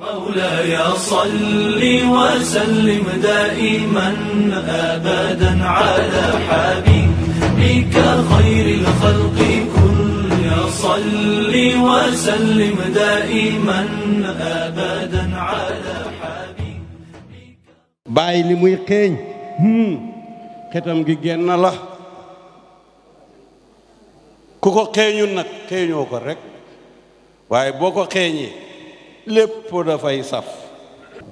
مولاي صل وسلم دائما ابدا على حبيبك خير الخلق كل صل وسلم دائما ابدا على حبيبك باي لي موي خين ختم جي genn لا كوكو خينو xeeñu خينو كو رك واي بوكو خيني lépp dafay saf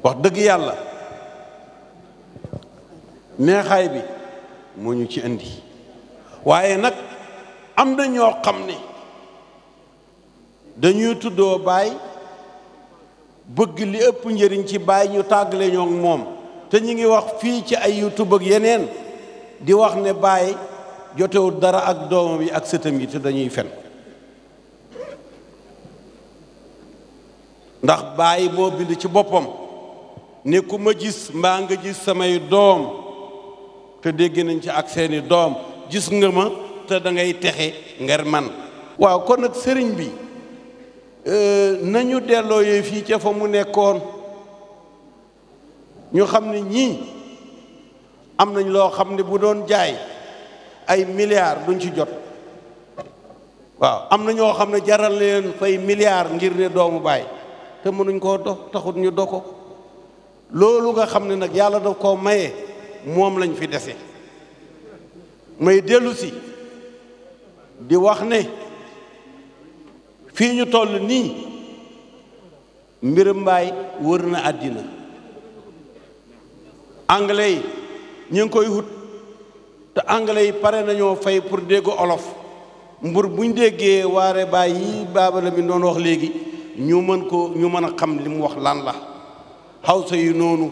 wax dëgg yàlla neexaay bi mu ñu ci indi waaye nag am na ñoo xam ne dañuy tuddoo baay bëgg li ëpp njëriñ ci baay ñu tàggale moom te ñu ngi wax fii ci ay youtube ak yeneen di wax ne baay jotewul dara ak doomam yi ak sëtam yi te dañuy fen ndax bàyyi moo bind ci boppam ne ku ma gis mbaa nga gis samay doom te dégg nañ ci ak seeni doom gis nga ma te dangay texe nger man waaw kon nag sëriñ bi euh, nañu delloo yee fii ca fa mu nekkoon ñu xam ne ñii am nañ loo xam ne bu doon jaay ay milliards duñ ci jot waaw am na ñoo xam ne jaral leen fay milliar ngir ne doomu baay te mënuñ koo do taxut ñu do ko loolu nga xam ne nag yàlla daf koo maye moom lañu fi dese may dellusi si di wax ne fii ñu toll nii mbirum mbaay wër na àddina anglais yi ñu ngi koy wut te anglais yi pare nañoo fay pour dégg olof mbur buñ déggee waare baay yi baabala mi doon léegi ñu mën ko ñu mën a xam li wax lan la hawsa yi noonu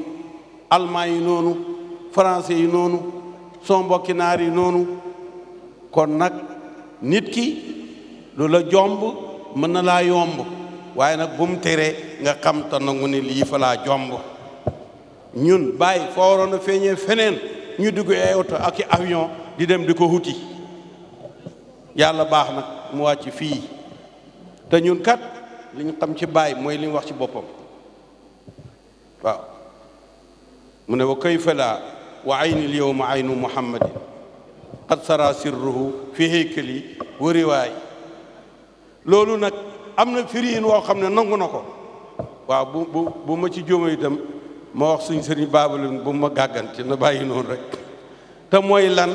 allemand yi noonu français yi noonu soo mbokki naar yi noonu kon nag nit ki lu la jomb mën na laa yomb waaye nag bu mu nga xam te nangu ne lii fa jomb ñun bàyyi foo waroon a feeñee feneen ñu dugg ay oto ak avion di dem di ko wuti yàlla baax nag mu wàcc fii te ñun kat li ñu xam ci baay mooy li ñu wax ci boppam waaw mu ne wa kayfa laa wa ayni l yowma aynu muhammadin qad sara sirruhu fi haykali wa riwaay loolu nag am na firiin woo xam ne nongu na ko waaw bu bu bu ma ci jóoma itam ma wax suñ sëriñ baabalin bu ma gàggante na bàyyi noonu rek te mooy lan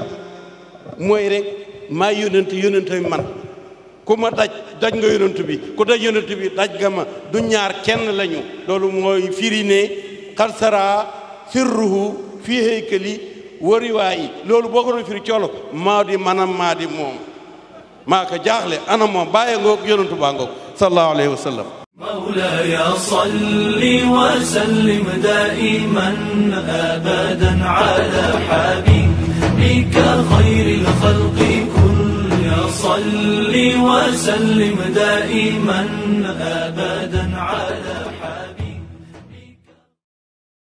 mooy rek maa yónente yónente man ku ma daj daj nga yonent bi ku daj yonent bi daj nga ma du ñaar kenn lañu loolu mooy firi ne xarsara sirruhu fii haykali wariwaayi loolu boo ko doon firi coolo maa di manam maa di moom maa ko jaaxle ana moom bàyye ngoog yonentu baa ngoog sallallahu alayhi wa sallam مولاي صل وسلم دائما ابدا على وسلم دائما أبدا على حبيبك